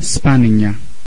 Spagna